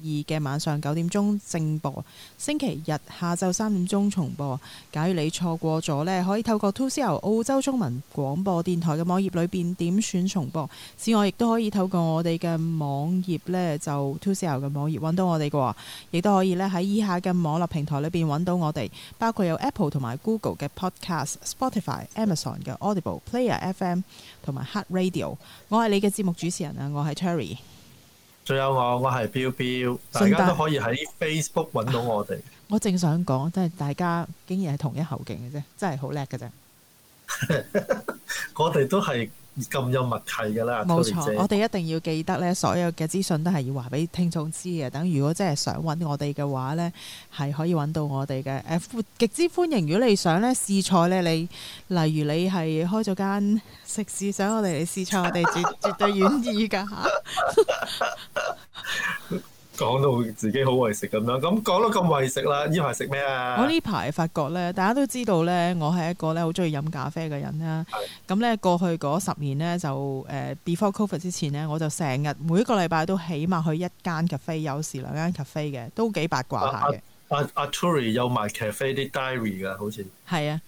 二嘅晚上九點鐘正播，星期日下晝三點鐘重播。假如你錯過咗呢，可以透過 2CL 澳洲中文廣播電台嘅網頁裏邊點選重播。此外，亦都可以透過我哋嘅網頁呢，就 2CL 嘅網頁揾到我哋嘅話，亦都可以呢，喺以下嘅網絡平台裏邊揾到我哋，包括有 Apple 同埋 Google 嘅 Podcast、Spotify、Amazon 嘅 Audible、Player FM 同埋 iHeartRadio。我係你嘅節目主持人啊，我係 Terry。仲有我，我係 Bill Bill，大家都可以喺 Facebook 揾到我哋。 我正想講，即係大家竟然係同一口徑嘅啫，真係好叻嘅啫。 我哋都係。咁有默契㗎啦，冇錯，姐我哋一定要記得咧，所有嘅資訊都係要話俾聽眾知嘅。等如果真係想搵我哋嘅話咧，係可以搵到我哋嘅。誒、呃，極之歡迎，如果你想咧試菜咧，你例如你係開咗間食肆，想我哋嚟試菜我，我哋絕絕對願意㗎。 講到自己好為食咁樣，咁講到咁為食啦，呢排食咩啊？我呢排發覺咧，大家都知道咧，我係一個咧好中意飲咖啡嘅人啦。咁咧的過去嗰十年咧，就誒 before COVID 之前咧，我就成日每一個禮拜都起碼去一間咖啡，有時兩間咖啡嘅，都幾八卦下嘅。啊啊阿阿 Tory 有埋 cafe 啲 diary 噶，好似係啊，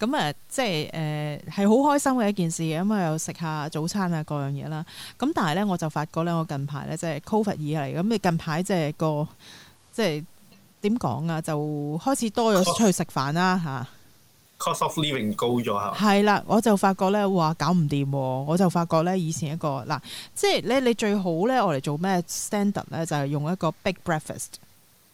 咁、嗯、啊，即係誒，係、呃、好開心嘅一件事嘅，咁啊，又食下早餐啊，各樣嘢啦。咁但係咧，我就發覺咧，我近排咧即係 COVID 而嚟，咁你近排即係個即係點講啊，就開始多咗出 Cost, 去食飯啦吓 Cost of living 高咗係。係啦、啊，我就發覺咧，哇，搞唔掂、啊，我就發覺咧，以前一個嗱，即係咧，你最好咧，我嚟做咩 standard 咧，就係、是、用一個 big breakfast。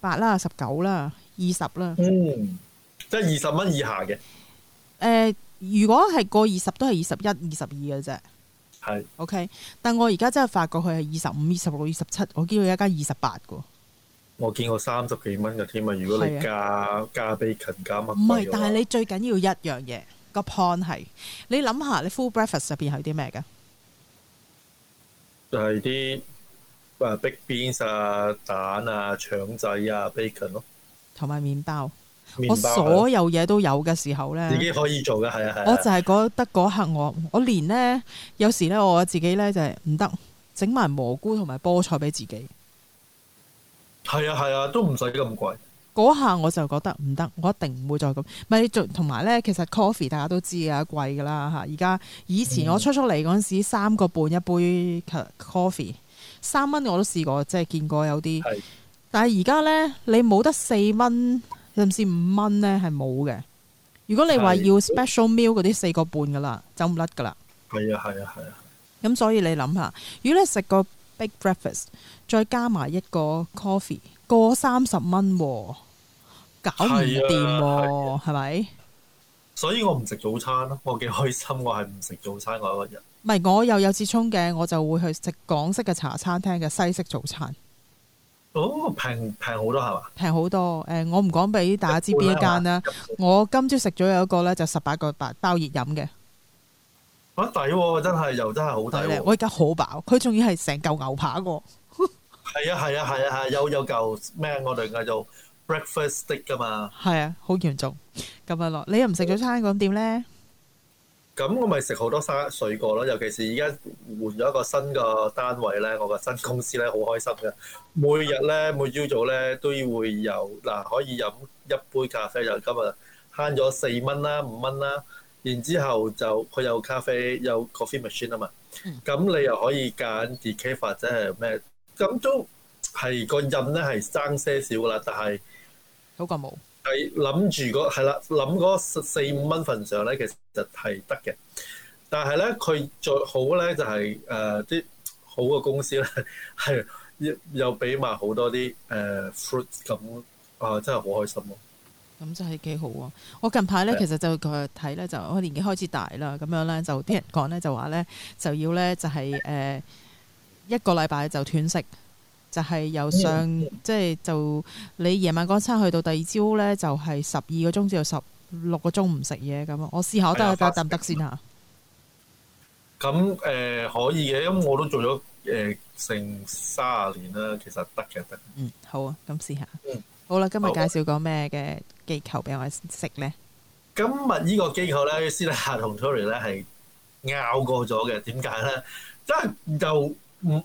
八啦，十九啦，二十啦。嗯、即係二十蚊以下嘅。誒、呃，如果係過二十都係二十一、二十二嘅啫。係。O K，但我而家真係發覺佢係二十五、二十六、二十七，我見到而家二十八噶。我見過三十幾蚊嘅添啊！如果你加的加 bacon 加乜乜。唔係，但係你最緊要一樣嘢，個 point 係你諗下，你 full breakfast 入邊係啲咩嘅？就係啲。誒，Baked beans 啊，蛋啊，腸仔啊，bacon 咯，同埋麵包，麵包我所有嘢，都有嘅時候咧，自己可以做嘅，係啊係、啊。我就係覺得嗰刻我我連咧，有時咧我自己咧就係唔得，整埋蘑菇同埋菠菜俾自己。係啊係啊，都唔使咁貴。嗰下我就覺得唔得，我一定唔會再咁。咪同埋咧，其實 coffee 大家都知啊，貴噶啦吓。而家以前我出出嚟嗰陣時，嗯、三個半一杯 coffee。三蚊我都試過，即係見過有啲。的但係而家呢，你冇得四蚊，甚至五蚊呢係冇嘅。如果你話要 special meal 嗰啲四個半噶啦，走唔甩噶啦。係啊係啊係啊。咁所以你諗下，如果你食個 big breakfast，再加埋一個 coffee，過三十蚊喎，搞唔掂喎，係咪？吧所以我唔食早餐咯，我幾開心，我係唔食早餐嗰一日。唔係我又有次衝嘅，我就會去食港式嘅茶餐廳嘅西式早餐。哦，平平好多係嘛？平好多，誒、呃，我唔講俾大家知邊一間啦。我今朝食咗有一個咧，就十八個八包熱飲嘅。好抵喎，真係又真係好抵。我而家好飽，佢仲要係成嚿牛扒喎、啊。係 啊係啊係啊,啊，有有嚿咩？我哋嗌做 breakfast steak 噶嘛。係啊，好嚴重。咁樣囉你又唔食早餐，咁點咧？咁我咪食好多生水果咯，尤其是而家換咗一個新個單位咧，我個新公司咧好開心嘅。每日咧，每朝早咧都會有嗱、啊，可以飲一杯咖啡。就今日慳咗四蚊啦、五蚊啦，然之後就佢有咖啡，有 coffee machine 啊嘛。咁你又可以揀 decaf 或者係咩？咁都係個印咧係爭些少啦，但係好乾冇。係諗住個係啦，諗嗰四四五蚊份上咧，其實係得嘅。但係咧，佢最好咧就係誒啲好嘅公司咧，係又又俾埋好多啲誒、呃、fruit 咁啊，啊，真係好開心咯！咁就係幾好喎、啊。我近排咧其實就睇咧，就我年紀開始大啦，咁樣咧就啲人講咧就話咧就要咧就係、是、誒、呃、一個禮拜就斷食。但係由上、嗯、即係就你夜晚嗰餐去到第二朝咧，就係十二個鐘至到十六個鐘唔食嘢，咁我試下都得唔得先嚇。咁誒的可以嘅、呃，因為我都做咗誒成卅年啦，其實得嘅得。嗯，好啊，咁試下。嗯、好啦、啊，今日介紹個咩嘅機構俾我哋食呢？今日呢個機構咧，私底下同 Tory 咧係拗過咗嘅，點解咧？即係就唔～、嗯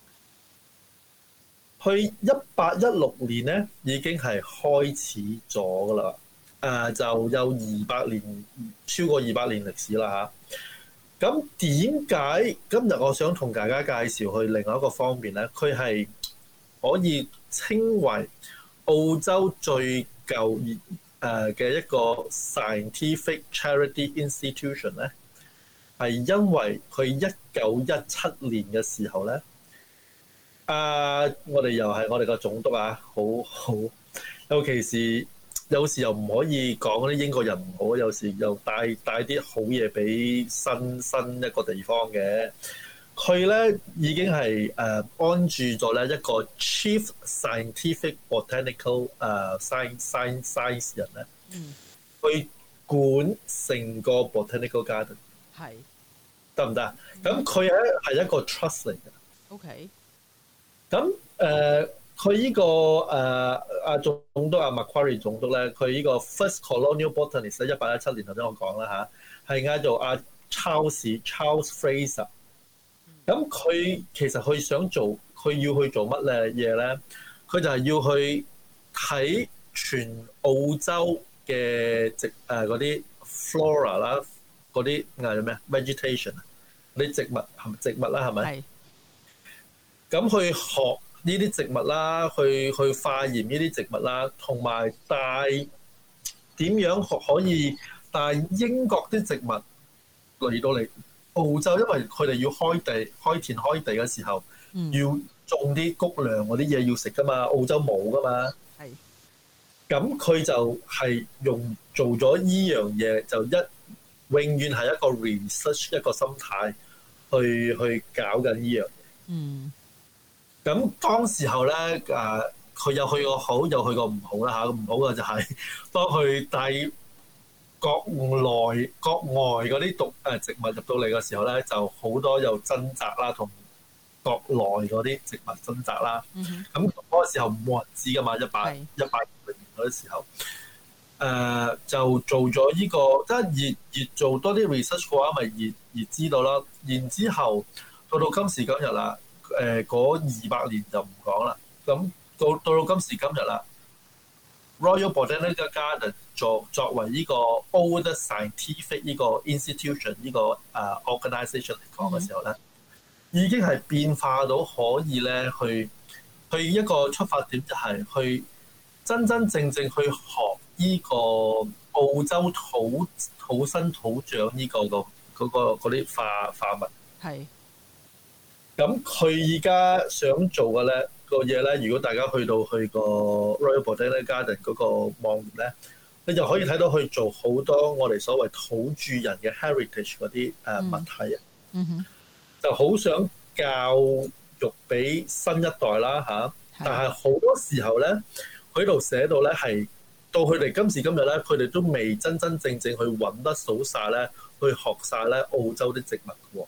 佢一八一六年咧，已經係開始咗噶啦，誒、呃、就有二百年，超過二百年歷史啦嚇。咁點解今日我想同大家介紹去另外一個方面咧？佢係可以稱為澳洲最舊誒嘅一個 scientific charity institution 咧，係因為佢一九一七年嘅時候咧。誒，uh, 我哋又係我哋個總督啊，好好。尤其是有時又唔可以講啲英國人唔好，有時又帶帶啲好嘢俾新新一個地方嘅。佢咧已經係誒、uh, 安住咗咧一個 Chief Scientific Botanical 誒、uh, Science, Science Science 人咧，嗯、去管成個 Botanical Garden，係得唔得？咁佢係係一個 trust 嚟嘅，OK。咁誒，佢依、呃呢個誒、呃、啊總督啊 Macquarie 總督咧，佢呢個 first colonial botanist 一八一七年，頭先我講啦嚇，係、啊、嗌做啊 Charles Charles Fraser。咁佢其實佢想做，佢要去做乜咧嘢咧？佢就係要去睇全澳洲嘅植誒嗰啲 flora 啦，嗰啲嗌做咩啊 vegetation，啲植物係植物啦，係咪？咁去學呢啲植物啦，去去化驗呢啲植物啦，同埋帶點樣學可以帶英國啲植物嚟到嚟澳洲，因為佢哋要開地開田開地嘅時候，要種啲谷糧嗰啲嘢要食㗎嘛。澳洲冇㗎嘛，咁佢就係用做咗呢樣嘢，就一永遠係一個 research 一個心態去去搞緊呢樣嘢。嗯。咁當時候咧，誒、啊，佢有去過好，有去過唔好啦嚇。唔、啊、好嘅就係、是、當佢帶國內國外嗰啲毒誒、啊、植物入到嚟嘅時候咧，就好多有掙扎啦，同國內嗰啲植物掙扎啦。嗯、mm。咁嗰個時候冇人知㗎嘛，一百一百零年嗰時候，誒、啊、就做咗呢、這個，即係越越做多啲 research 嘅話，咪越越知道啦。然之後到到今時今日啦。Mm hmm. 誒，嗰二百年就唔講啦，咁到到到今時今日啦、mm hmm.，Royal Botanic Garden 作作為呢個 Old Scientific 呢個 institution 呢個誒 organisation 嚟講嘅時候咧，mm hmm. 已經係變化到可以咧去去一個出發點就係、係、去真真正，正正去學呢個澳洲土土生土長呢、呢個、嗰個嗰啲化化物係。咁佢而家想做嘅咧、呢個嘢咧，如果大家去到去個 Royal Botanical Garden 嗰個網頁咧，你就可以睇到佢做好多我哋所謂土著人嘅 heritage 嗰啲誒物體啊，嗯嗯、就好想教育俾新一代啦嚇。啊、的但係好多時候咧，佢度寫到咧係到佢哋今時今日咧，佢哋都未真真正正，正去揾得數晒咧，去學晒咧澳洲啲植物。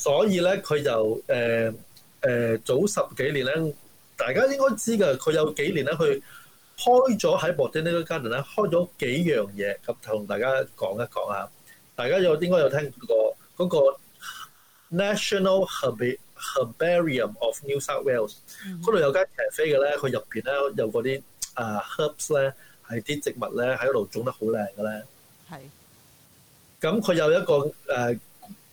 所以咧，佢就誒誒早十幾年咧，大家應該知㗎。佢有幾年咧，佢開咗喺 Botanical Garden 咧，開咗幾樣嘢，咁同大家講一講啊。大家有應該有聽過嗰個 National Herbarium of New South Wales，嗰度有間咖啡嘅咧，佢入邊咧有嗰啲啊 herbs 咧係啲植物咧喺度種得好靚嘅咧。係。咁佢有一個誒。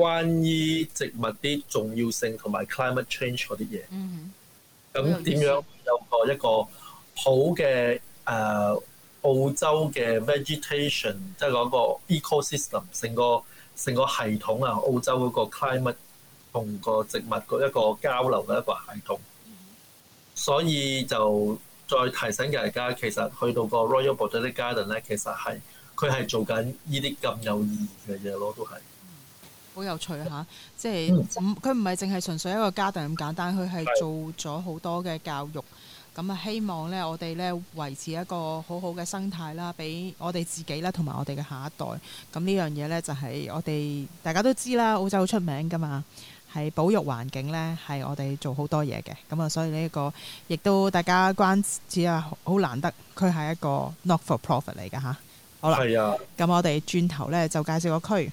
關於植物啲重要性同埋 climate change 嗰啲嘢，咁點、mm hmm. 樣有個一個好嘅誒澳洲嘅 vegetation，即係嗰個 ecosystem，成個成個系統啊，澳洲嗰個，個，個，個 climate 同個植物個一個交流嘅一個系統。所以就再提醒大家，其實去到個 Royal Botanic Garden 咧，其實係佢係做緊呢啲咁有意義嘅嘢咯，都係。好有趣嚇，啊，即係佢唔係淨係純粹一個家庭咁簡單，佢係做咗好多嘅教育。咁啊，希望呢我哋呢維持一個好好嘅生態啦，俾、啊、我哋自己啦，同埋我哋嘅下一代。咁、啊、呢樣嘢呢，就係、是、我哋大家都知啦，澳洲好出名噶嘛，係保育環境呢，係我哋做好多嘢嘅。咁啊，所以呢、這、一個亦都大家關注啊，好難得佢係一個 not for profit 嚟嘅嚇。好啦，咁、啊、我哋轉頭呢，就介紹個區。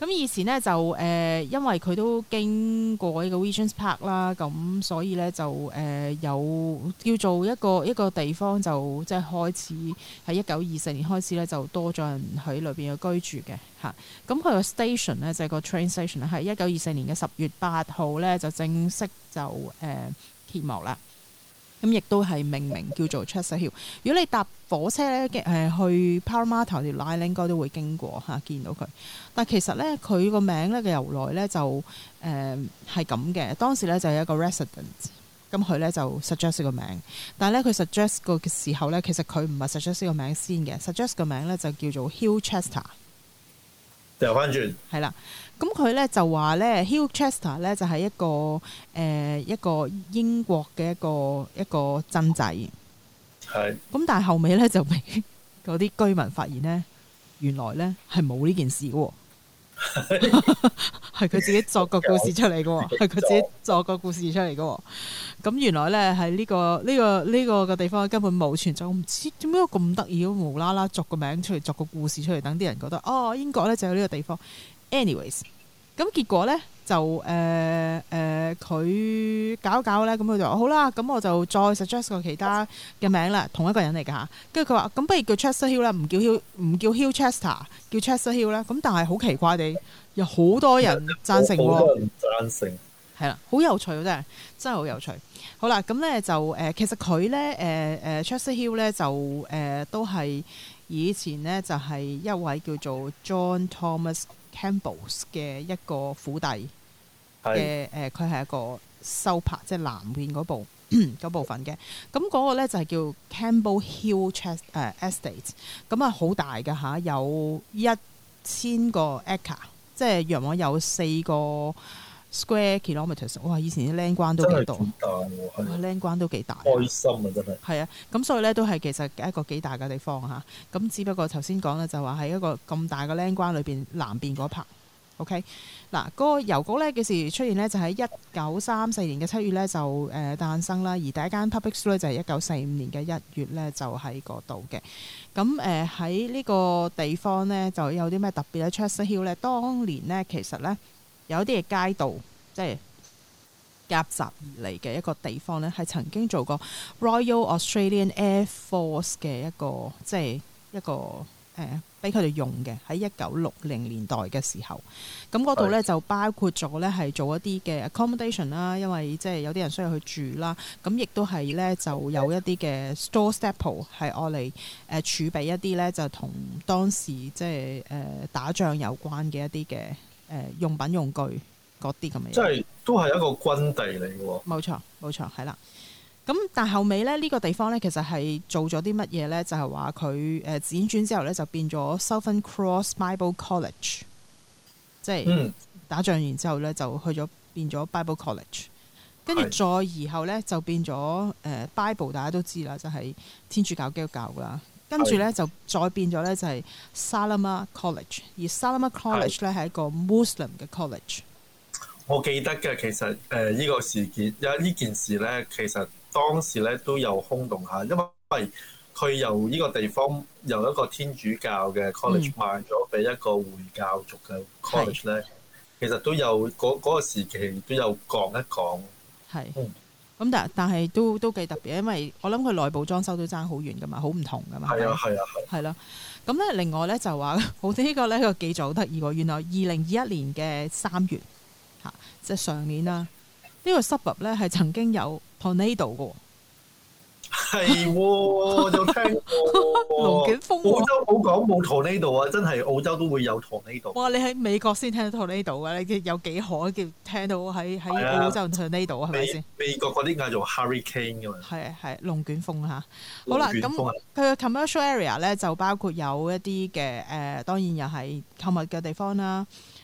咁以前咧就誒、呃，因為佢都經過呢個 Regents Park 啦、啊，咁所以咧就誒、呃，有叫做一個一個地方就即係開始喺一九二四年開始咧就多咗人喺裏邊嘅居住嘅吓，咁、啊、佢、就是、個 station 咧就係個 train station 啦，喺一九二四年嘅十月八號咧就正式就誒、呃、揭幕啦。咁亦都係命名叫做 Chester Hill。如果你搭火車咧，誒去 Parramatta 條 line 應該都會經過嚇、啊，見到佢。但其實咧，佢個名咧嘅由來咧就誒係咁嘅。當時咧就有一個 resident，咁佢咧就 suggest 個名。但係咧佢 suggest 嘅時候咧，其實佢唔係 suggest 個名先嘅。suggest 個名咧就叫做 Hill Chester。掉翻轉。係啦。咁佢咧就話咧，Hill Chester 咧就係、是、一個誒、呃、一個英國嘅一個一個鎮仔。係是。咁但係後尾咧就俾嗰啲居民發現咧，原來咧係冇呢件事嘅、哦，係佢 自己作個故事出嚟嘅、哦，係佢 自己作個故事出嚟嘅、哦。咁 原來咧喺呢、這個呢、這個呢、這個嘅地方根本冇存在，我唔知點解咁得意，無啦啦作個名出嚟，作個故事出嚟，等啲人覺得哦，英國咧就有呢個地方。anyways，咁結果咧就誒誒佢搞搞咧，咁佢就話好啦，咁我就再 suggest 個其他嘅名啦，同一個人嚟噶吓，跟住佢話咁，不如叫，叫 Chester Hill 啦，唔叫 Hill，唔叫 Hill Chester，叫 Chester Hill 啦。咁但係好奇怪地，有好多，多人贊成，贊成係啦，好有趣真係真係好有趣。好啦，咁咧就誒其實佢咧誒誒、呃、Chester Hill 咧就誒、呃、都係以前咧就係、是、一位叫做 John Thomas Campbell's 嘅一個府邸，嘅誒是，佢係、呃、一個收拍，即係南面嗰部 部分嘅。咁、那、嗰個咧就係叫 Campbell Hill Chest 誒 Estate，咁、呃、啊好大㗎吓，有一千個 acre 即係約我有四個。Square kilometres 哇！以前啲領關、啊、關都幾大，領關都幾大，開心啊！真係係啊，咁、嗯、所以咧都係其實一個幾大嘅地方啊。咁只不過頭先講咧就話喺一個咁大嘅領關裏邊，南邊嗰 part 嗱，okay? 啊那個郵局咧幾時出現咧？就喺一九三四年嘅七月咧就誒誕生啦。而第一間 public school 咧就係一九四五年嘅一月咧就喺嗰度嘅。咁誒喺呢個地方咧就有啲咩特別咧 Chester Hill 咧，當年咧其實咧。有啲嘅街道，即係夾雜而嚟嘅一個地方咧，係曾經做過 Royal Australian Air Force 嘅一個，即係一個誒，俾佢哋用嘅。喺一九六零年代嘅時候，咁嗰度咧就包括咗咧係做一啲嘅 accommodation 啦，因為即係有啲人需要去住啦。咁亦都係咧就有一啲嘅 store staple 係我嚟誒、呃、儲備一啲咧，就同當時即係誒、呃、打仗有關嘅一啲嘅。誒、呃、用品用具嗰啲咁嘅嘢，即係都係一個軍地嚟嘅喎。冇錯，冇錯，係啦。咁但後尾咧，呢、呢個地方咧，其實係做咗啲乜嘢咧？就係話佢誒輾轉之後咧，就變咗 Southern Cross Bible College，即係、嗯、打仗完之後咧，就去咗變咗 Bible College，跟住再而後咧，就變咗誒、呃、Bible，大家都知啦，就係、係、天主教基督教㗎啦。跟住咧是就再變咗咧，就係 Salama College，而 Salama College 咧係是一個 Muslim 嘅 college。我記得嘅其實誒依、呃這個事件有依件事咧，其實當時咧都有轟動下，因為佢由呢個地方由一個天主教嘅 college 賣咗俾一個回教族嘅 college 咧、嗯，其實都有嗰嗰、那個時期都有講一講。係是。嗯。咁但係但係都都幾特別，因為我諗佢內部裝修都差好遠噶嘛，好唔同噶嘛。係啊係啊係。係咁，咧另外咧就話，好呢個咧、這個記載好得意喎，原來二零二一年嘅三月，嚇即係上年啦，呢的個 suburb 咧係曾經有 Panadol 嘅。係喎，我就聽過龍捲風。澳洲冇講冇 Tornado 啊，真係澳洲都會有 Tornado。哇！你喺美國先聽到 Tornado 嘅，你有幾可叫聽到喺喺澳洲 Tornado 啊？係咪先？美國嗰啲嗌做 hurricane 咁樣。係啊係，龍捲風嚇、啊。好啦，咁佢嘅 commercial area 咧就包括有一啲嘅誒，當然又係購物嘅地方啦。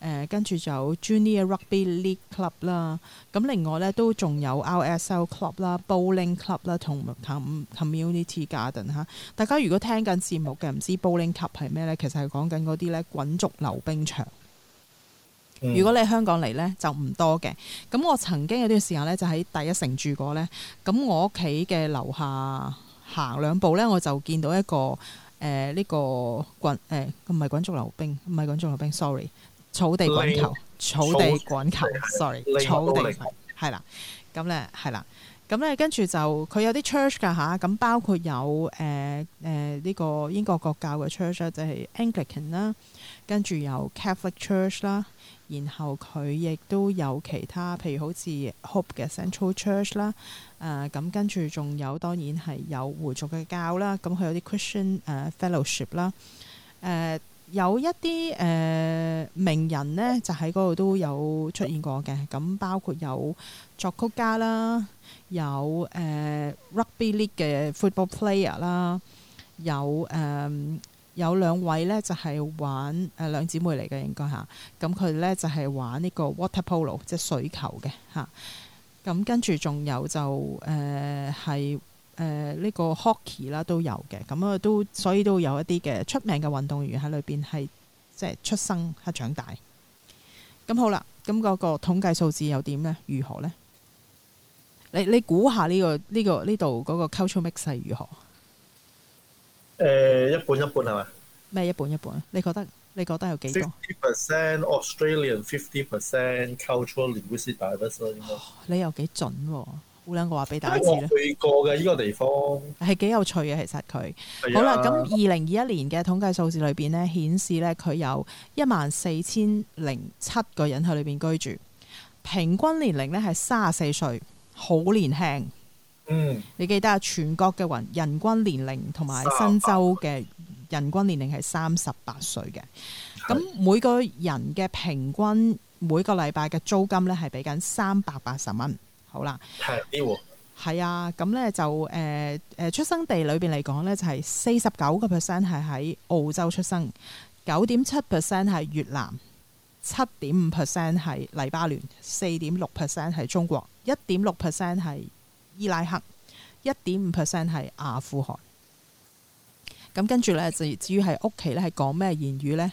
誒、呃、跟住就有 Junior Rugby League Club 啦，咁另外咧都仲有 RSL Club 啦、Bowling Club 啦同 Com Community Garden 吓，大家如果聽緊節目嘅，唔知 Bowling Club 係咩咧？其實係講緊嗰啲咧滾軸溜冰場。嗯、如果你喺香港嚟咧就唔多嘅。咁我曾經有段時間咧就喺第一城住過咧。咁我屋企嘅樓下行兩步咧，我就見到一個誒呢、呃呢個滾誒唔係滾軸溜冰，唔係滾軸溜冰，sorry。草地滾球，草地滾球雷，sorry，草地，係啦，咁咧係啦，咁咧跟住就佢有啲 church 㗎吓，咁包括有誒誒呢個英國國教嘅 church 就係 Anglican 啦，跟住有 Catholic church 啦，然後佢亦都有其他，譬如好似 Hope 嘅 Central Church 啦、呃，啊咁跟住仲有當然係有回族嘅教啦，咁佢有啲 Christian 誒 Fellowship 啦，誒、呃。呃有一啲誒、呃、名人咧，就喺嗰度都有出現過嘅。咁包括有作曲家啦，有誒、呃、rugby league 嘅 football player 啦，有、呃、誒有兩位咧就係、是、玩誒、呃、兩姊妹嚟嘅應該嚇。咁佢咧就係、是、玩呢個 water polo 即係水球嘅嚇。咁、啊、跟住仲有就誒係。呃誒，呢、呃，這個 hockey 啦都有嘅，咁、嗯、啊都所以都有一啲嘅出名嘅運動員喺裏邊係即係出生喺長大。咁、嗯、好啦，咁、嗯、嗰、這個統計數字又點咧？如何咧？你你估下呢、這個呢、這個呢度嗰個 culture mix 如何？誒、呃，一半一半係嘛？咩一半一半？你覺得你覺得有幾多 fifty percent Australian，fifty percent culturally diverse 咯，應該。哦、你又幾準、啊？孤兩個話俾大家知啦。我去過嘅呢個地方係幾有趣嘅，其實佢。係啊。好啦，咁二零二一年嘅統計數字裏邊咧，顯示咧佢有一萬四千零七個人喺裏邊居住，平均年齡咧係三十四歲，好年輕。嗯。你記得啊？全國嘅人人均年齡同埋新州嘅人均年齡係三十八歲嘅。咁、嗯、每個人嘅平均每個禮拜嘅租金咧係俾緊三百八十蚊。好啦，係、嗯、啊，咁咧就誒誒、呃呃，出生地裏邊嚟講咧，就係四十九個 percent 係喺澳洲出生，九點七 percent 係越南，七點五 percent 係黎巴嫩，四點六 percent 係中國，一點六 percent 係伊拉克，一點五 percent 係阿富汗。咁跟住咧，就至於喺屋企咧係講咩言語咧？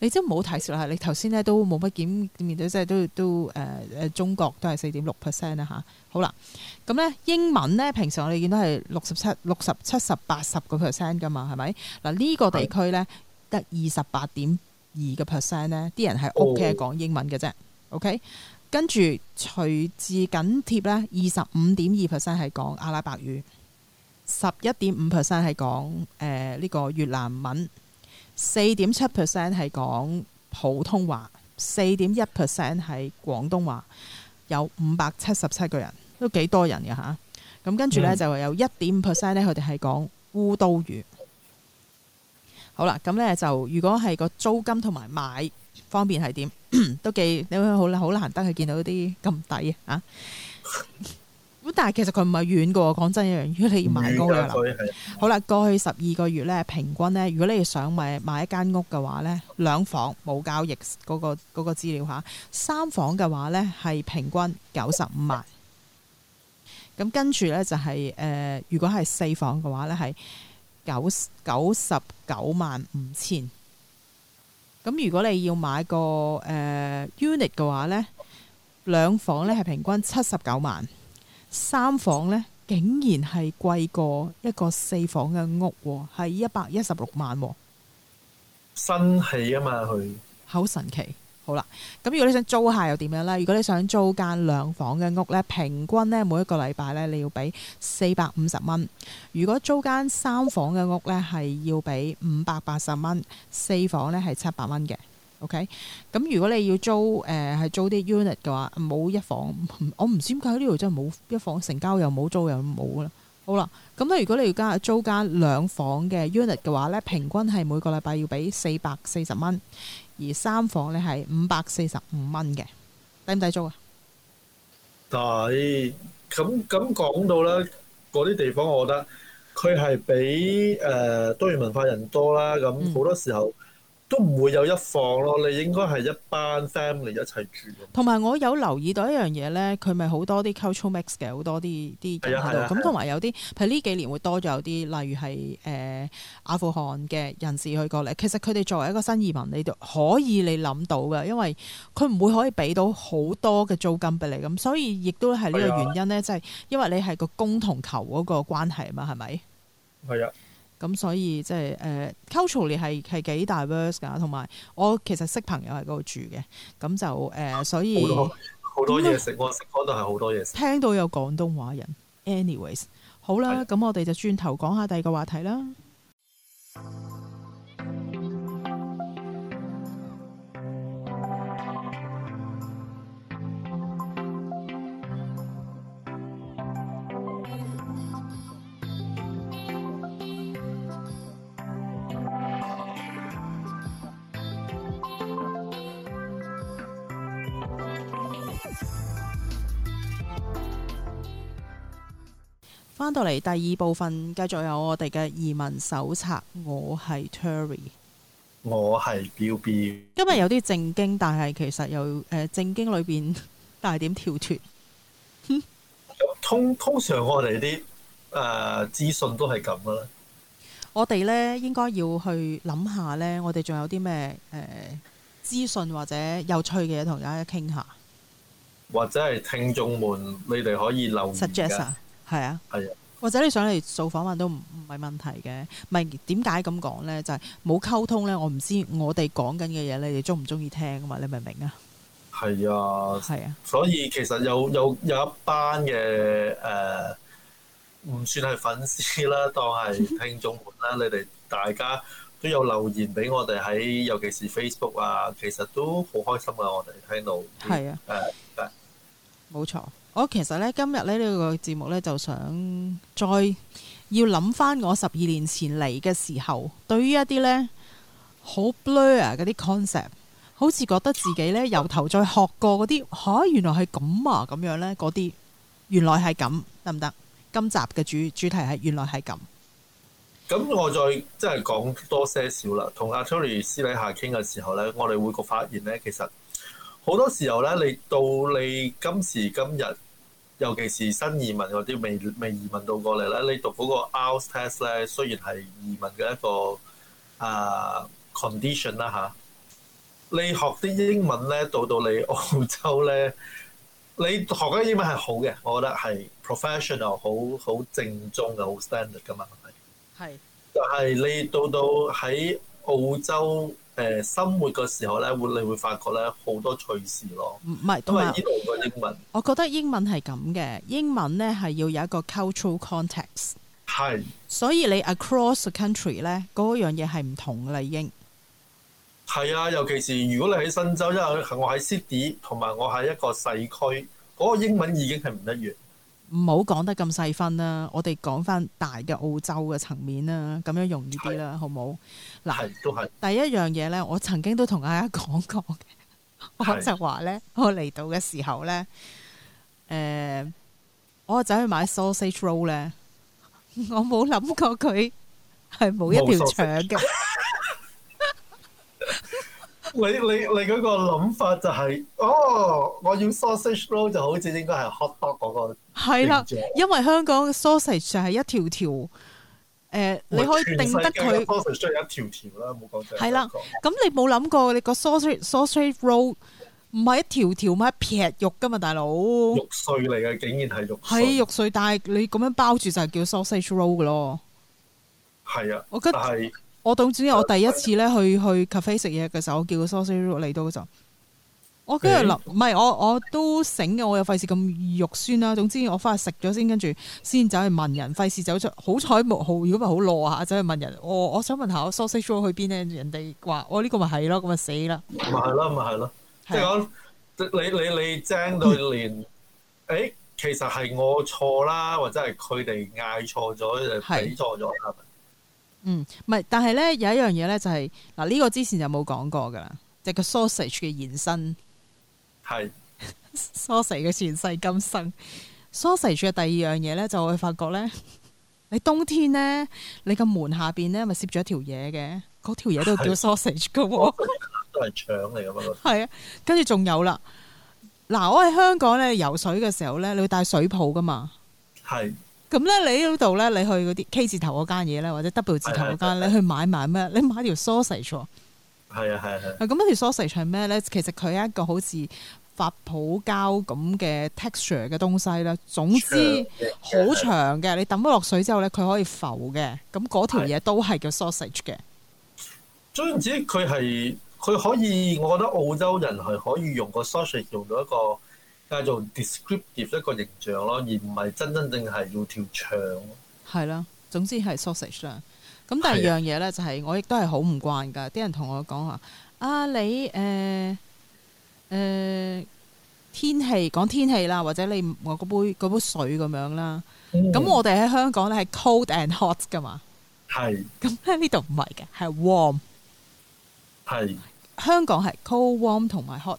你都冇睇少啦，你頭先咧都冇乜見見到，即係都都誒誒、呃、中國都係四點六 percent 啦嚇。好啦，咁咧英文咧，平常我哋見到係六十七六十七十八十個 percent 噶嘛，係咪？嗱、啊、呢、呢個地區咧得二十八點二個 percent 咧，啲人係屋企係講英文嘅啫。哦、OK，跟住隨至緊貼咧，二十五點二 percent 係講阿拉伯語，十一點五 percent 係講誒呢個越南文。四點七 percent 係講普通話，四點一 percent 係廣東話，有五百七十七個人，都幾多人嘅吓。咁、啊、跟住咧就有一點五 percent 咧，佢哋係講烏都語。好啦，咁咧就如果係個租金同埋買方便係點， 都幾你好啦，好難得去見到啲咁抵啊。 咁但係其實佢唔係遠噶，講真一樣，如果你要買屋嘅話，好啦，過去十二個月咧，平均咧，如果你想買買一間屋嘅話咧，兩房冇交易嗰、那個嗰、那個資料吓，三房嘅話咧係平均九十五萬。咁跟住咧就係、是、誒、呃，如果係四房嘅話咧係九九十九萬五千。咁如果你要買個誒、呃、unit 嘅話咧，兩房咧係平均七十九萬。三房咧，竟然係貴過一個四房嘅屋喎，係一百一十六萬喎。新起啊嘛，佢好神奇。好啦，咁如果你想租下又點樣咧？如果你想租間兩房嘅屋咧，平均咧每一個禮拜咧你要俾四百五十蚊；如果租間三房嘅屋咧，係要俾五百八十蚊；四房咧係七百蚊嘅。OK，咁如果你要租誒係租啲 unit 嘅話，冇一房，我唔知點解喺呢度真係冇一房，成交又冇租又冇啦。好啦，咁咧如果你要加租間兩房嘅 unit 嘅話咧，平均係每個禮拜要俾四百四十蚊，而三房咧係五百四十五蚊嘅，抵唔抵租啊？抵，咁咁講到咧，嗰啲地方我覺得佢係比誒多元文化人多啦，咁好多時候。都唔會有一房咯，你應該係一班 family 一齊住。同埋我有留意到一樣嘢咧，佢咪好多啲 culture mix 嘅好多啲啲嘢喺度。咁同埋有啲，譬如呢幾年會多咗有啲，例如係誒、呃、阿富汗嘅人士去過嚟。其實佢哋作為一個新移民，你度可以你諗到嘅，因為佢唔會可以俾到好多嘅租金俾你咁，所以亦都係呢個原因咧，即係的因為你係個供同求嗰個關係啊嘛，係咪？係啊。咁所以即係誒、uh,，culture 咧係係幾大 verse 㗎，同埋我其實識朋友喺嗰度住嘅，咁就誒，uh, 所以好多好多嘢食，麽我食開都係好多嘢食。聽到有廣東話人，anyways，好啦，咁的我哋就轉頭講下第二個話題啦。翻到嚟第二部分，繼續有我哋嘅移民手冊。我係 Terry，我係 B B。今日有啲正經，但係其實又誒、呃、正經裏邊，但係點跳脫？ 通通常我哋啲誒資訊都係咁噶啦。我哋咧應該要去諗下咧，我哋仲有啲咩誒資訊或者有趣嘅嘢，同大家傾下。或者係聽眾們，你哋可以留 suggest、er. 係啊，啊或者你上嚟做訪問都唔係問題嘅。咪點解咁講咧？就係冇溝通咧，我唔知我哋講緊嘅嘢你哋中唔中意聽啊嘛？你明唔明啊？係啊，係啊，所以其實有有有一班嘅誒，唔、呃、算係粉絲啦，當係聽眾們啦。 你哋大家都有留言俾我哋喺，尤其是 Facebook 啊，其實都好開心啊。我哋聽到係啊，誒、呃，冇錯。我其實咧，今日呢，呢個節目咧，就想再要諗翻我十二年前嚟嘅時候，對於一啲咧 bl 好 blur 嗰啲 concept，好似覺得自己咧由頭再學過嗰啲，嚇原來係咁啊，咁樣咧嗰啲，原來係咁得唔得？今集嘅主主題係原來係咁。咁我再即係講多些少啦。同阿 Tony 私底下傾嘅時候咧，我哋會個發現咧，其實好多時候咧，你到你今時今日。尤其是新移民嗰啲未未移民到過嚟咧，你讀嗰個 IELTS 咧，雖然係移民嘅一個、uh, condition, 啊 condition 啦嚇。你學啲英文咧，到到你澳洲咧，你學緊英文係好嘅，我覺得係 professional 好好正宗嘅好 standard 噶嘛，係咪？係是。就係你到到喺澳洲。誒、呃、生活嘅時候咧，會，你會發覺咧好多趣事咯。唔係是，都係依度嘅英文，我覺得英文係咁嘅，英文咧係要有一個 cultural context 是。係。所以你 across the country 咧，嗰樣嘢係唔同啦，已經。係啊，尤其是如果你喺新州，因為我喺 city，同埋我喺一個細區，嗰，那個英文已經係唔一樣。嗯唔好講得咁細分啦，我哋講翻大嘅澳洲嘅層面啦，咁樣容易啲啦，是好冇？嗱，第一樣嘢咧，我曾經都同大家講過嘅，我就話咧，我嚟到嘅時候咧，誒、呃，我仔去買 sausage roll 咧，我冇諗過佢係冇一條腸嘅。索 .你你你嗰個諗法就係、是、哦，我要 sausage roll 就好似應該係 hot dog 嗰個係啦，啊、因為香港 sausage 就係一條條誒，呃、是你可以定得佢 sausage 一條條啦，冇講錯係啦。咁、啊嗯、你冇諗過你個 sausage sausage roll 唔係一條條咩？一劈肉㗎嘛，大佬肉碎嚟嘅，竟然係肉係、啊、肉碎，但係你咁樣包住就係叫 sausage roll 㗎囉，係啊，我覺得係。我總之我第一次咧去去 cafe 食嘢嘅時候，我叫個 saucer 嚟到嗰陣，我跟住諗，唔係我我都醒嘅，我又費事咁肉酸啦。總之我翻去食咗先，跟住先走去問人，費事走出好彩冇好，如果唔係好落，下走去問人，我、哦、我想問下 saucer 去邊咧？人哋話我呢個咪係咯，咁咪死啦！咪係咯，咪係咯，即係講你你你正到連，誒、欸、其實係我錯啦，或者係佢哋嗌錯咗，誒俾錯咗嗯，唔係，但係咧有一樣嘢咧就係嗱，呢個之前就冇講過噶啦，就、這個 sausage 嘅延伸係是 sausage 嘅前世今生 sausage 嘅第二樣嘢咧，就會發覺咧，你冬天咧你個門下邊咧咪攝住一條嘢嘅，嗰條嘢，哦、是 都叫 sausage 噶，都係腸嚟噶嘛，係啊，跟住仲有啦，嗱我喺香港咧游水嘅時候咧，你會帶水泡噶嘛，係。咁咧，你嗰度咧，你去嗰啲 K 字頭嗰間嘢咧，或者 W 字頭嗰間的你去買買咩？你買條 sausage。係啊，係啊，係。啊，咁一條 sausage 係咩咧？其實佢係一個好似發泡膠咁嘅 texture 嘅東西啦。總之好長嘅，的你抌咗落水之後咧，佢可以浮嘅。咁嗰條嘢都係叫 sausage 嘅。總之，佢係佢可以，我覺得澳洲人係可以用個 sausage 用到一個。叫做 descriptive 一個形象咯，而唔係真真正係要條腸。係啦，總之係 sausage 啦。咁第二樣嘢咧的就係，我亦都係好唔慣噶。啲人同我講話，啊，你誒誒、呃呃、天氣講天氣啦，或者你我嗰杯嗰杯水咁樣啦。咁、嗯、我哋喺香港咧係 cold and hot 噶嘛。係的。咁喺呢度唔係嘅，係 warm。係的。香港係 cold warm 同埋 hot。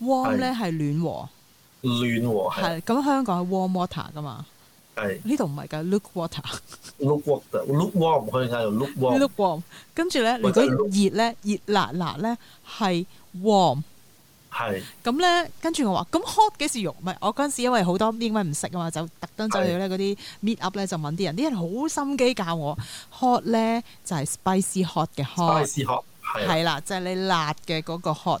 warm 咧係的暖和。暖喎、啊、係，咁香港係 warm water 噶嘛？係。呢度唔係㗎，look water，look water，look warm 佢嗌做 look warm，look warm。 跟住咧，如果熱咧，熱辣辣咧係 warm。係的。咁咧，跟住我話，咁 hot 幾時用？唔係我嗰陣時因為好多英文唔識啊嘛，就特登走去咧嗰啲 meet up 咧就問啲人，啲的人好心機教我 hot 咧就係、是、sp spicy hot 嘅 hot，係啦，就係、是、你辣嘅嗰個 hot。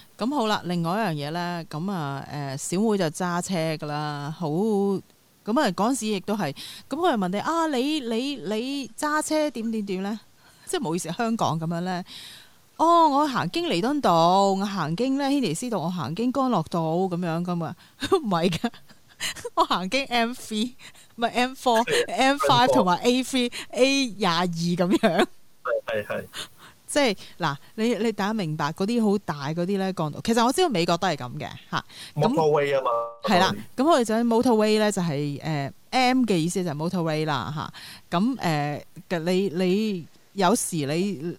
咁好啦，另外一樣嘢咧，咁啊，誒、呃、小妹就揸車噶啦，好咁啊嗰陣時亦都係，咁佢問你啊，你你你揸車點點點咧？即係唔好意思，香港咁樣咧。哦，我行經彌敦道，我行經咧軒尼詩道，我行經干諾道咁樣噶啊，唔係噶，我行經 M3 唔係 M4、M5 同埋 A3、A 廿二咁樣。係係係。即係嗱，你你大家明白嗰啲好大嗰啲咧降到，其實我知道美國都係咁嘅嚇。motorway 啊嘛，係啦，咁我哋就係 motorway 咧，就係誒 M 嘅意思就係 motorway 啦嚇。咁、啊、誒、嗯呃、你你有時你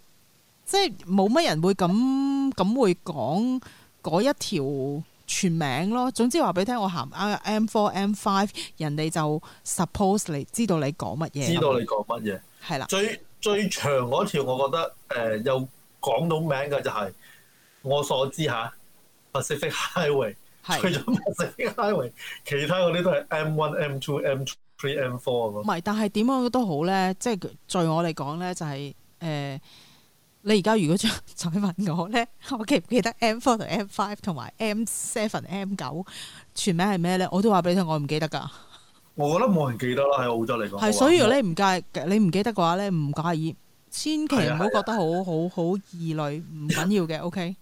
即係冇乜人會咁咁會講嗰一條全名咯。總之話俾你聽，我行啊 M four M five，人哋就 suppose 你知道你講乜嘢，知道你講乜嘢係啦。最最長嗰條，我覺得誒、呃、又講到名嘅就係、是、我所知嚇 Pacific Highway，是除咗 Pacific Highway，其他嗰啲都係 M1、M2、M3、M4 咁。唔係，但係點樣都好咧，即係對我嚟講咧，就係、是、誒、呃、你而家如果再問我咧，我記唔記得 M4 同 M5 同埋 M7、M9 全名係咩咧？我都話俾你聽，我唔記得㗎。我覺得冇人記得啦，喺澳洲嚟講。係，所以如果你唔介意，你唔記得嘅話咧，唔介意，千祈唔好覺得的好好好異類，唔緊要嘅 ，OK。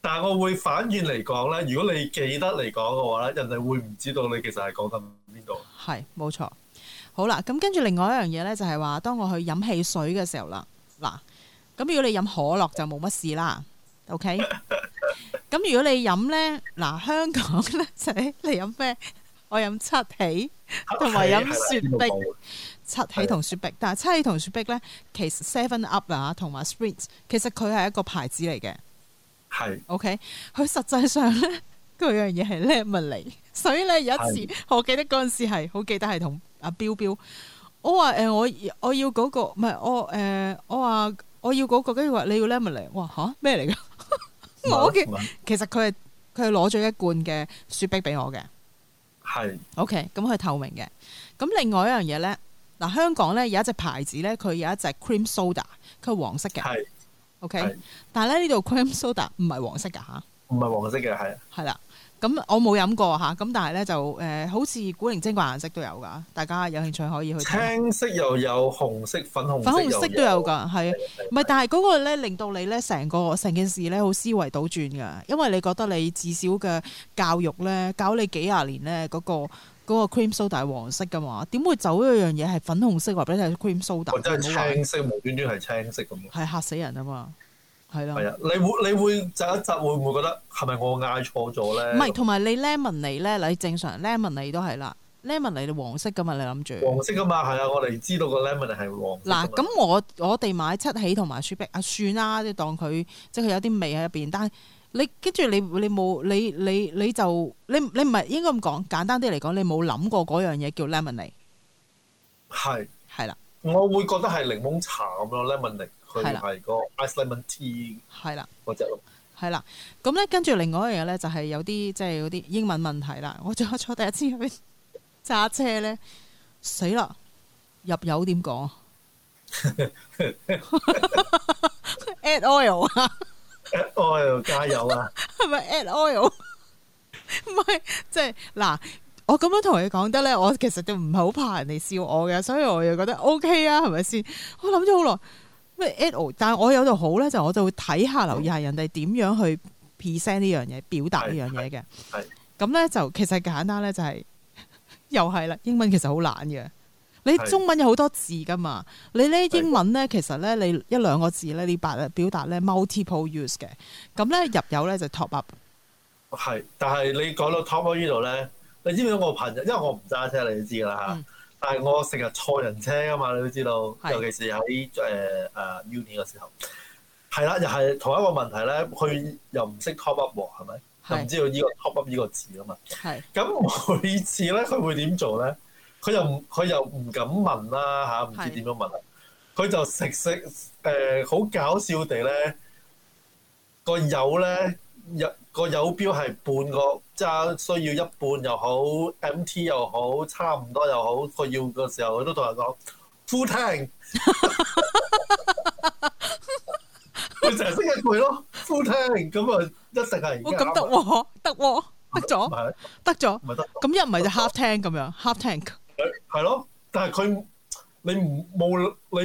但係我會反轉嚟講咧，如果你記得嚟講嘅話咧，人哋會唔知道你其實係講緊邊度？係，冇錯。好啦，咁跟住另外一樣嘢咧，就係、是、話當我去飲汽水嘅時候啦，嗱，咁如果你飲可樂就冇乜事啦，OK。咁 如果你飲咧，嗱，香港咧仔， 你飲咩？我飲七喜。同埋飲雪碧 七喜同雪碧， 是但係七喜同雪碧咧，其實 Seven Up 啊，同埋 Sprint，其實佢係一個牌子嚟嘅。係是的，OK，佢實際上咧，佢有樣嘢係 lemon 嚟，所以咧有一次，是的 我記得嗰陣時係好記得係同阿彪彪，我話誒、呃，我要我要嗰、那個，唔係我誒，我話、呃、我，我要嗰、那個，跟住話你要 lemon 嚟，哇吓咩嚟噶？我嘅 其實佢係佢係攞咗一罐嘅雪碧俾我嘅。係，OK，咁佢係透明嘅。咁另外一樣嘢咧，嗱香港咧有一隻牌子咧，佢有一隻 cream soda，佢黃色嘅。係，OK，但係咧呢度 cream soda 唔係黃色㗎吓，唔係黃色嘅，係。係啦。咁我冇飲過嚇，咁但係咧就誒、呃，好似古靈精怪顏色都有噶，大家有興趣可以去聽。青色又有紅色、粉紅色都有。粉紅色都有噶，係，唔係？但係嗰個咧令到你咧成個成件事咧好思維倒轉噶，因為你覺得你至少嘅教育咧教你幾廿年咧嗰、嗰個嗰個 cream soda 係黃色噶嘛，點會走一樣嘢係粉紅色或者係 cream soda？真係青色，壞無端端係青色咁。係嚇死人啊嘛！係啦，係啊！你會你會就一窒，會唔會覺得係咪我嗌錯咗咧？唔係，同埋你 lemonade 咧，你正常 lemonade 都係啦。lemonade 黃色噶嘛？你諗住黃色噶嘛？係啊，我哋知道個 lemonade 係黃嗱。咁我我哋買七喜同埋雪碧啊，算啦，都當佢即係佢有啲味喺入邊。但係你跟住你你冇你你你就你你唔係應該咁講，簡單啲嚟講，你冇諗過嗰樣嘢叫 lemonade 係，係啦。的我會覺得係檸檬茶咁樣、嗯、lemonade。係啦，個 ice lemon tea 係啦，只係啦。咁咧的，跟住、嗯、另外一樣咧，就係、是、有啲即係啲英文問題啦。我坐坐第一次去揸車咧，死啦！入油點講 ？Add oil 啊 ！Add oil，加油啊！係咪 是 add oil？唔 係，即係嗱，我咁樣同你講得咧，我其實就唔係好怕人哋笑我嘅，所以我又覺得 O、okay、K 啊，係咪先？我諗咗好耐。咩？L？但係我有度好咧，就我就會睇下、留意下人哋點樣去 present 呢樣嘢、表達呢樣嘢嘅。係。咁咧就其實簡單咧、就係，就係又係啦。英文其實好懶嘅。你中文有好多字噶嘛？是你咧英文咧，其實咧你一兩個字咧，你表表達咧 multiple use 嘅。咁咧入油咧就 top up。係，但係你講到 top up 呢度咧，你知唔知我朋友因為我唔揸車，你都知㗎啦嚇。嗯但係我成日坐人車啊嘛，你都知道，是尤其是喺誒誒 uni 嘅時候，係啦，又係同一個問題咧，佢又唔識 top up 喎，係咪是？唔知道呢個 top up 呢個字啊嘛。係是。咁每次咧，佢會點做咧？佢又唔，佢又唔敢問啦、啊、吓，唔知點樣問、啊。佢是就食食誒，好、呃、搞笑地咧，嗰個友咧入。呃個油標係半個，即係需要一半又好，MT 又好，差唔多又好。佢要嘅時候，佢都同人講 full tank。佢成日識一句咯，full tank。咁啊，一定係而家得喎，得喎，得咗，係得咗，咪得。咁又唔係就 half tank 咁樣，half tank。係係咯，但係佢你唔冇你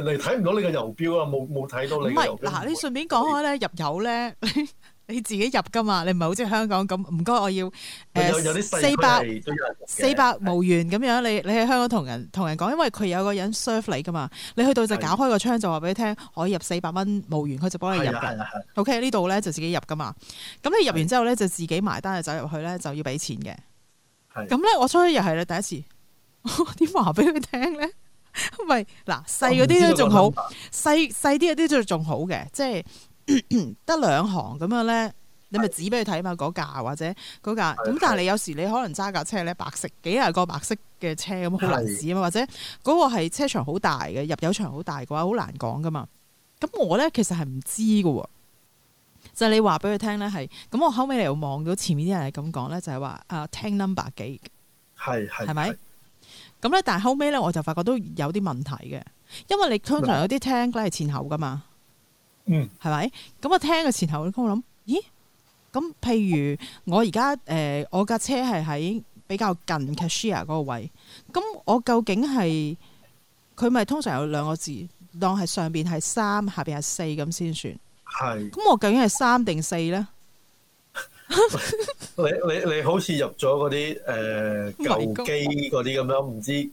人哋睇唔到你嘅油標啊，冇冇睇到你嘅油標。嗱，你順便講開咧，入油咧。你自己入噶嘛？你唔係好似香港咁？唔該，我要誒四百四百無元咁樣。是的 你你喺香港同人同人講，因為佢有個人 serve 你噶嘛。你去到就搞開個窗就話俾你聽，是的 可以入四百蚊無元，佢就幫你入嘅。OK 呢度咧就自己入噶嘛。咁你入完之後咧是的 就自己埋單就走入去咧就要俾錢嘅。咁咧是的 我出去又係咧第一次，我點話俾佢聽咧？喂， 嗱細嗰啲都仲好，細細啲嗰啲都仲好嘅，即係細。得兩咳咳行咁樣咧，的你咪指俾佢睇嘛，嗰架或者嗰架。咁的但係你有時你可能揸架車咧，白色幾廿個白色嘅車咁好難指啊，的或者嗰個係車場好大嘅，入油場好大嘅話好難講噶嘛。咁我咧其實係唔知噶，就係、是、你話俾佢聽咧係。咁我後尾又望到前面啲人係咁講咧，就係、是、話啊，聽 number 幾係係咪？咁咧的，但係後尾咧我就發覺都有啲問題嘅，因為你通常有啲聽咧係前後噶嘛。嗯，係咪？咁我聽嘅前後，我諗，咦？咁譬如我而家誒，我架車係喺比較近 cashier 嗰個位，咁我究竟係佢咪通常有兩個字，當係上邊係三，下邊係四咁先算。係。咁我究竟係三定四咧？你你你好似入咗嗰啲誒舊機嗰啲咁樣，唔知。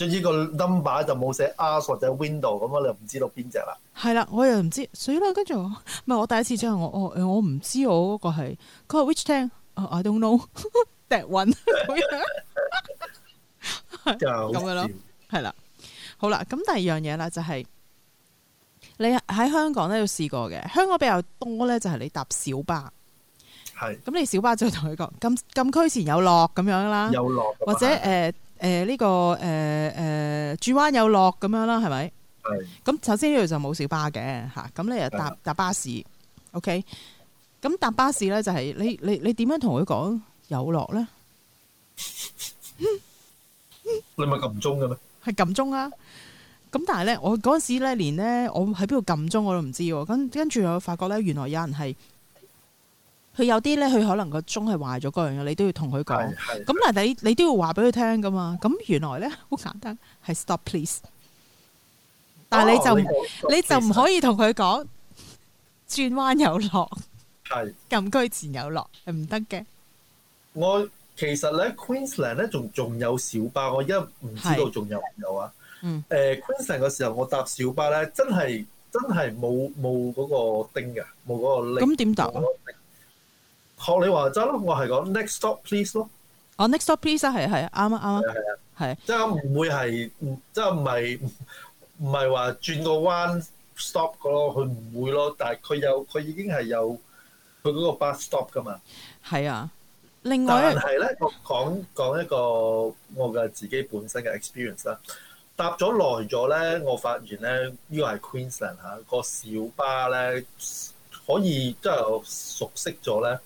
將呢個 number 就冇寫 a r s o 或者 Window 咁，我又唔知道邊隻啦。係啦，我又唔知，所以咧，跟住唔係我第一次將我、欸、我唔知我嗰、嗰個係佢話 Which、oh, I don't know，that one 咁樣。就咁樣咯，係啦，好啦，咁第二樣嘢啦，就係、是、你喺香港咧要試過嘅，香港比較多咧就係你搭小巴，係咁是你小巴就同佢講禁禁區前有落咁樣啦，有落樂或者誒。是啊誒呢、呃，這個誒誒轉彎有落，咁樣啦，係咪的？係咁首先呢度就冇小巴嘅嚇，咁、啊、你啊搭搭巴士的，OK？咁搭巴士咧就係、是、你你你點樣同佢講有落咧？你咪撳 鐘嘅咩？係撳鐘啊！咁但係咧，我嗰陣時咧連咧我喺邊度撳鐘我都唔知喎、啊。跟住我發覺咧，原來有人係。佢有啲咧，佢可能個鐘係壞咗嗰樣嘢，你都要同佢講。咁嗱，你你都要話俾佢聽噶嘛。咁原來咧好簡單，係 stop please。但係你就你就唔可以同佢講轉彎有落，係禁區前有落係唔得嘅。我其實咧 Queensland 咧，仲仲有小巴，我而家唔知道仲有唔有啊。嗯。誒 Queensland 嘅時候，我搭小巴咧，真係真係冇冇嗰個叮嘅，冇嗰個力。咁點搭？學你話齋咯，我係講 next stop please 咯。哦、oh，next stop please 啊，係啊係啊，啱啊啱啊。係啊係。即係我唔會係，即係唔係唔係話轉個彎 stop 咯，佢唔會咯。但係佢有佢已經係有佢嗰個 bus stop 噶嘛。係啊，另外。但係咧，我講講一個我嘅自己本身嘅 experience 啦。搭咗耐咗咧，我發現咧，呢個係 Queensland 吓、啊嗰個小巴咧，可以即係熟悉咗咧。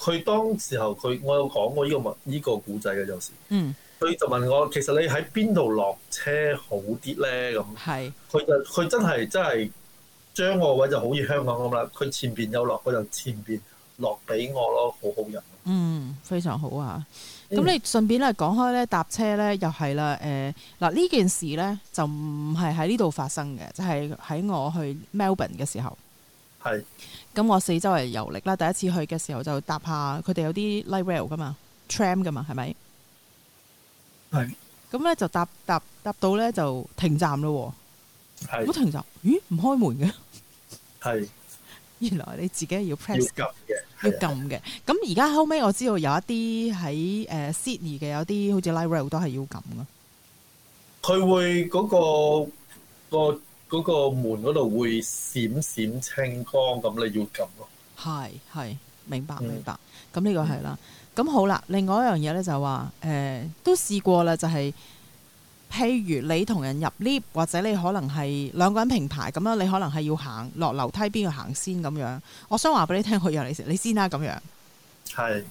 佢當時候佢我有講過呢、呢個問呢、呢個古仔嘅有時，嗯，佢就問我，其實你喺邊度落車好啲咧？咁，係是，佢就佢真係真係將我位就好似香港咁啦。佢前邊有落，佢就前邊落俾我咯，好好人。嗯，非常好啊。咁你順便咧講開咧、嗯、搭車咧又係啦。誒嗱呢件事咧就唔係喺呢度發生嘅，就係、是、喺我去 Melbourne 嘅時候。係。咁我四周圍遊歷啦，第一次去嘅時候就搭下佢哋有啲 light rail 噶嘛，tram 噶嘛，係咪？係。咁咧是就搭搭搭到咧就停站咯喎。好是停站，咦？唔開門嘅。係是。原來你自己要 press 撳嘅，要撳嘅。咁而家後尾我知道有一啲喺誒 Sydney 嘅有啲好似 light rail 都係要撳嘅。佢會嗰、嗰個個。嗰個嗰個嗰個門嗰度會閃閃青光，咁你要撳咯。係係，明白明白。咁呢、嗯、個係啦。咁好啦，另外一樣嘢咧就係話，誒、欸、都試過啦，就係、是、譬如你同人入 lift，或者你可能係兩個人平排咁樣，你可能係要行落樓梯邊度行先咁樣。我想話俾你聽，我讓你先，你先啦、啊、咁樣。係是，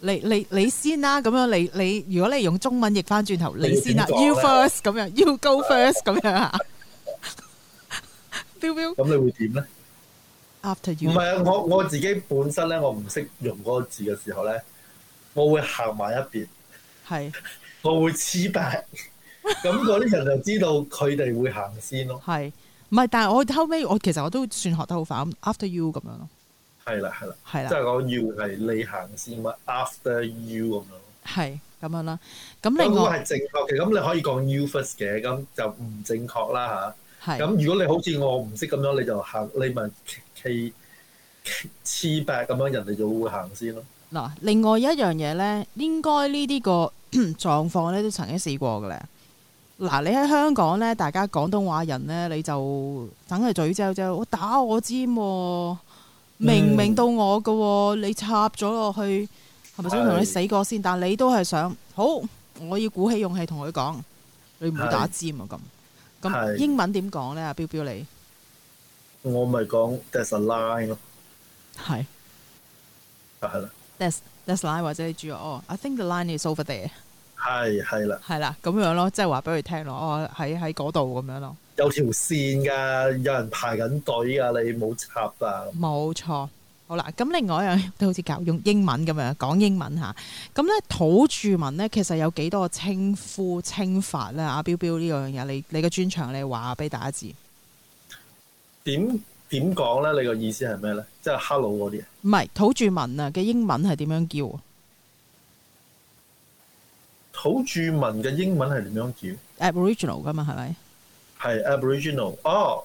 你你你先啦、啊，咁樣你你如果你用中文譯翻轉頭，你，你先啦、啊，you first 咁樣，you go first 咁樣啊。 咁你會點咧？After you 唔係啊，我我自己本身咧，我唔識用嗰個字嘅時候咧，我會行埋一邊。係是， 我會黐白。咁嗰啲人就知道佢哋會行先咯。係，唔係？但係我後尾，我其實我都算學得好快。After you 咁樣咯。係啦，係啦，係啦，即係我要 o 係你行先嘛？After you 咁樣。係咁樣啦。咁另外係正確嘅，咁你可以講 you first 嘅，咁就唔正確啦吓。啊咁如果你好似我唔識咁樣，你就行，你咪黐黐黐白咁樣，人哋就會行先咯。嗱，另外一樣嘢咧，應該呢啲個 狀況咧都曾經試過嘅喇。嗱，你喺香港咧，大家廣東話人咧，你就等佢嘴咒咒，我打我尖、啊，明明到我嘅、啊，嗯、你插咗落去，係咪想同你死過先？的但你都係想，好，我要鼓起勇氣同佢講，你唔好打尖啊咁。的咁英文點講咧？阿彪彪你，我咪講 there's a line 咯，係，係啦。There's t line 或者你主要哦，I think the line is over there。係係啦，係啦、bueno，咁樣咯，即係話俾佢聽咯，哦，喺喺嗰度咁樣咯，有條線噶，有人排緊隊噶，你冇插啊，冇錯。好啦，咁另外一樣都好似教用英文咁樣講英文吓。咁、啊、咧土著民咧，其實有幾多個稱呼稱法咧？阿、啊、彪彪呢個樣嘢，你你嘅專長，你話下俾大家知。點點講咧？你個意思係咩咧？即、就、係、是、hello 嗰啲。唔係土著民啊，嘅英文係點樣叫？土著民嘅英文係點樣叫？Aboriginal 㗎嘛係咪？係 Aboriginal 哦。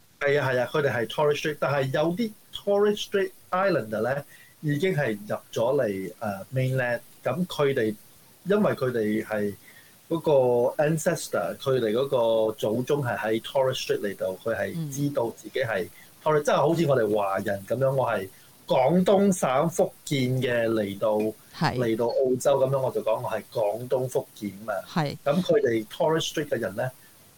係啊係啊，佢哋係 Torres Street，但係有啲 Torres Street Islander 咧已經係入咗嚟誒、uh, mainland，咁佢哋因為佢哋係嗰個 ancestor，佢哋嗰個祖宗係喺 Torres Street 嚟到，佢係知道自己係，Torres 即係好似我哋華人咁樣，我係廣東省福建嘅嚟到，嚟是到澳洲咁樣，我就講我係廣東福建啊，咁佢哋 Torres Street 嘅人咧。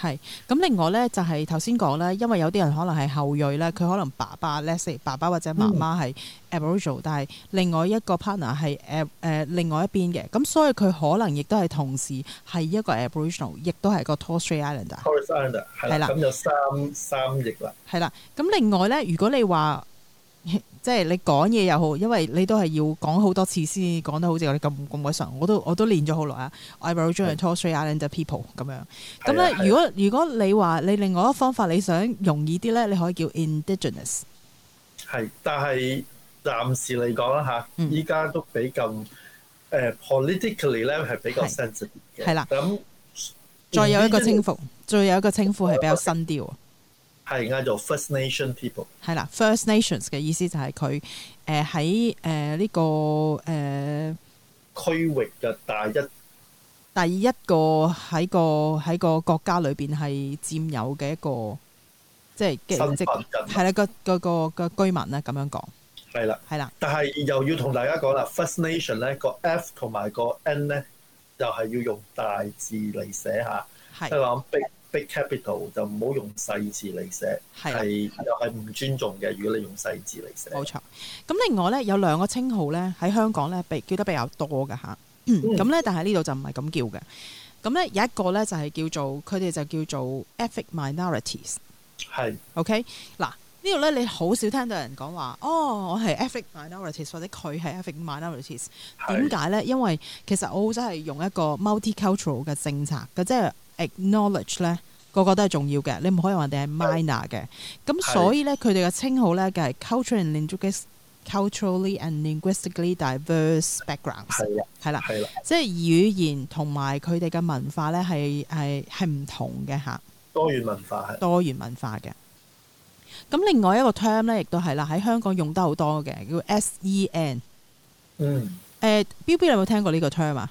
係，咁另外咧就係頭先講咧，因為有啲人可能係後裔咧，佢可能爸爸咧，即係、嗯、爸爸或者媽媽係 Aboriginal，、嗯、但係另外一個 partner 係誒誒、呃、另外一邊嘅，咁所以佢可能亦都係同時係一個 Aboriginal，亦都係個、er, Torres Islander，Torres Islander 係啦，咁啦就三三譯啦。係啦，咁另外咧，如果你話。即係你講嘢又好，因為你都係要講好多次先講得好似我哋咁咁鬼常，我都我都練咗好耐啊。Aboriginal and Torres Strait Islander people 咁樣。咁咧的，如果如果你話你另外一個方法，你想容易啲咧，你可以叫 indigenous。係，但係暫時嚟講啦嚇，依家都比較誒、嗯呃、politically 咧係比較 sensitive 嘅。係啦，咁再有一個稱呼，再、嗯、有一個稱呼係比較新啲係而家做 First Nation People。係啦，First Nations 嘅意思就係佢誒喺誒呢個誒、呃、區域嘅第一，第一個喺個喺個國家裏邊係佔有嘅一個即係嘅職品，係啦個個,個,個,個居民咧咁樣講。係啦的，係啦的，但係又要同大家講啦，First Nation 咧個 F 同埋個 N 咧，又係要用大字嚟寫下，即的 Big capital 就唔好用細字嚟寫，係又係唔尊重嘅。如果你用細字嚟寫，冇錯。咁另外咧，有兩個稱號咧喺香港咧，被叫得比較多嘅吓，咁、嗯、咧，嗯、但係呢度就唔係咁叫嘅。咁咧有一個咧就係、是、叫做佢哋就叫做 ethnic minorities，係是 OK 嗱呢度咧你好少聽到人講話哦，我係 ethnic minorities 或者佢係 ethnic minorities 點解咧？因為其實澳洲係用一個 multicultural 嘅政策嘅，即係。Acknowledge 咧，個個都係重要嘅，你唔可以話人哋係 minor 嘅對。咁所以咧，佢哋嘅稱號咧就係、是、culturally and linguistically diverse background，係嘅，係啦，係啦，即係語言同埋佢哋嘅文化咧係係係唔同嘅嚇。多元文化係多元文化嘅。咁是另外一個 term 咧，亦都係啦，喺香港用得好多嘅叫 SEN。嗯。誒，BB、uh, 你有冇聽過呢個 term 啊？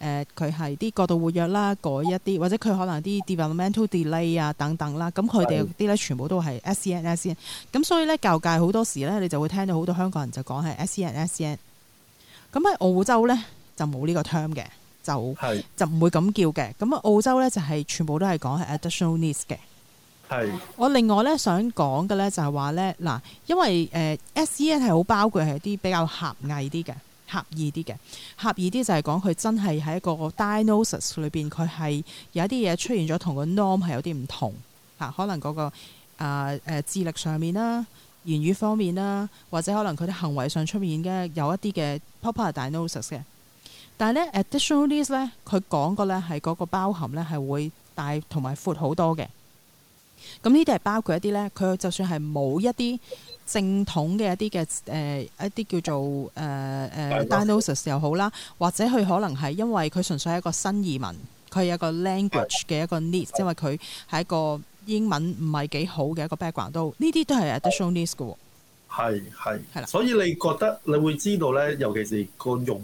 誒佢係啲過度活躍啦，改一啲或者佢可能啲 developmental delay 啊等等啦，咁佢哋啲咧全部都係 SEN SEN，咁所以咧教育界好多時咧，你就會聽到好多香港人就講係 SEN，SEN。咁喺澳洲咧就冇呢個 term 嘅，就就唔是會咁叫嘅。咁啊澳洲咧就係、是、全部都係講係 additional needs 嘅。係是。我另外咧想講嘅咧就係話咧嗱，因為誒 SEN 係好包括係啲比較狹義啲嘅。狹義啲嘅，狹義啲就係講佢真係喺一個 diagnosis 裏邊，佢係有一啲嘢出現咗同個 norm 係有啲唔同嚇，可能嗰、嗰個誒誒、呃、智力上面啦、言語方面啦，或者可能佢啲行為上出面嘅有一啲嘅 proper diagnosis 嘅，但係咧 additional needs 咧，佢講個咧係嗰個包含咧係會大同埋闊好多嘅。咁呢啲係包括一啲咧，佢就算係冇一啲正統嘅一啲嘅誒一啲叫做誒誒 diagnosis 又好啦，或者佢可能係因為佢純粹係一個新移民，佢有個 language 嘅一個 need，的因為佢係一個英文唔係幾好嘅一個 background，都，呢啲都係 additional need 嘅喎。係係係啦，的所以你覺得你會知道咧，尤其是個用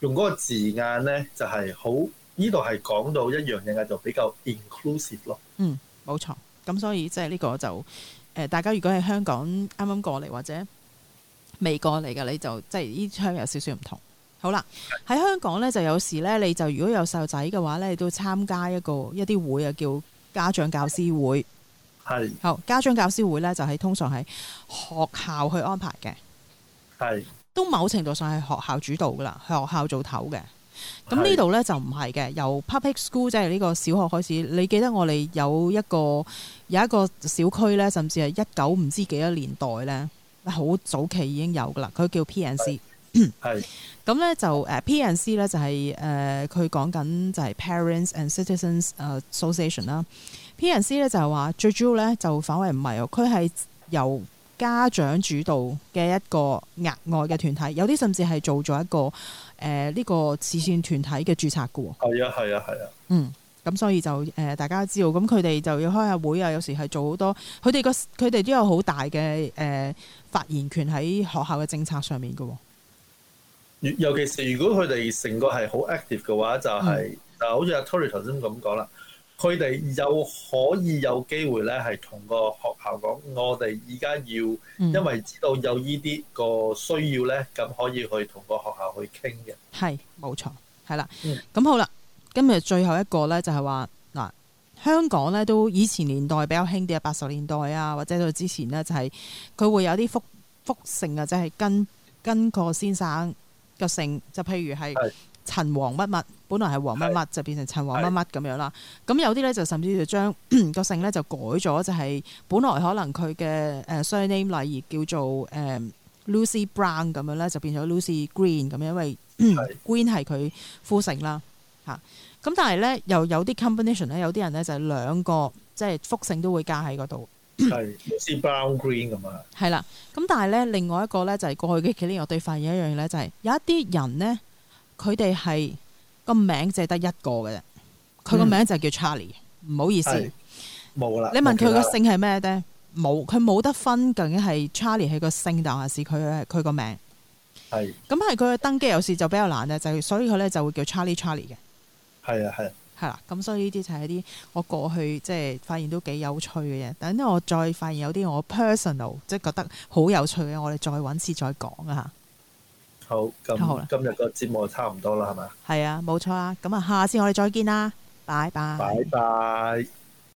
用嗰個字眼咧，就係好呢度係講到一樣嘢嘅，就比較 inclusive 咯。嗯，冇錯。咁、嗯、所以即係呢、這個就誒、呃，大家如果喺香港啱啱過嚟或者未過嚟嘅，你就即係呢窗有少少唔同。好啦，喺是香港咧就有時咧，你就如果有細路仔嘅話咧，你都參加一個一啲會啊，叫家長教師會。係是。好，家長教師會咧就喺、是、通常喺學校去安排嘅。係是。都某程度上係學校主導噶啦，學校做頭嘅。咁呢度咧，就唔係嘅，由 public school 即係呢個小學開始，你記得我哋有一個有一個小區咧，甚至係一九唔知幾多年代咧，好早期已經有噶啦，佢叫 P, P n C，就是。係咁咧，就誒 P n C 咧就係誒佢講緊就係 Parents and Citizens 誒 Association 啦，P n C 咧就係話最主要咧就反為唔係哦，佢係由家長主導嘅一個額外嘅團體，有啲甚至係做咗一個。誒呢、呃這個慈善團體嘅註冊嘅喎，係啊係啊係啊，啊啊嗯，咁所以就誒、呃、大家知道，咁佢哋就要開下會啊，有時係做好多，佢哋個佢哋都有好大嘅誒、呃、發言權喺學校嘅政策上面嘅喎、哦，尤其是如果佢哋成個係好 active 嘅話，就係、是嗯、就好似阿 Tony 頭先咁講啦。佢哋又可以有機會咧，係同個學校講，我哋而家要，因為知道有呢啲個需要咧，咁可以去同個學校去傾嘅。係，冇錯，係啦。咁、嗯、好啦，今日最後一個咧，就係話嗱，香港咧都以前年代比較興啲啊，八十年代啊，或者到之前咧，就係、是、佢會有啲複複姓啊，即係、就是、跟跟個先生個姓，就譬如係。陳黃乜乜，本來係黃乜乜就變成陳黃乜乜咁樣啦。咁有啲咧就甚至就將 個姓咧就改咗，就係、是、本來可能佢嘅誒 surname 例如叫做誒、嗯、Lucy Brown 咁樣咧，就變咗 Lucy Green 咁，因為 的 Green 係佢夫姓啦。吓、啊，咁但係咧又有啲 combination 咧，有啲人咧就係兩個即係複姓都會加喺嗰度。係 Lucy Brown Green 咁啊。係啦，咁但係咧另外一個咧就係過去嘅幾年我哋發現一樣嘢咧，就係有一啲人咧。佢哋係個名淨係得一個嘅，佢個、嗯、名就叫 Charlie。唔好意思，冇啦。你問佢個姓係咩咧？冇，佢冇得分，究竟係 Charlie 係個姓定還是佢係佢個名？係是。咁係佢嘅登記有時就比較難咧，就所以佢咧就會叫 Charlie, Charlie Charlie 嘅。係啊，係。係啦，咁所以呢啲就係一啲我過去即係發現都幾有趣嘅嘢。等我再發現有啲我 personal 即係覺得好有趣嘅，我哋再搵次再講啊。好，咁，今日個節目差唔多啦，係嘛了？係吧啊，冇錯啊。咁啊，下次我哋再見啦，拜拜。拜拜。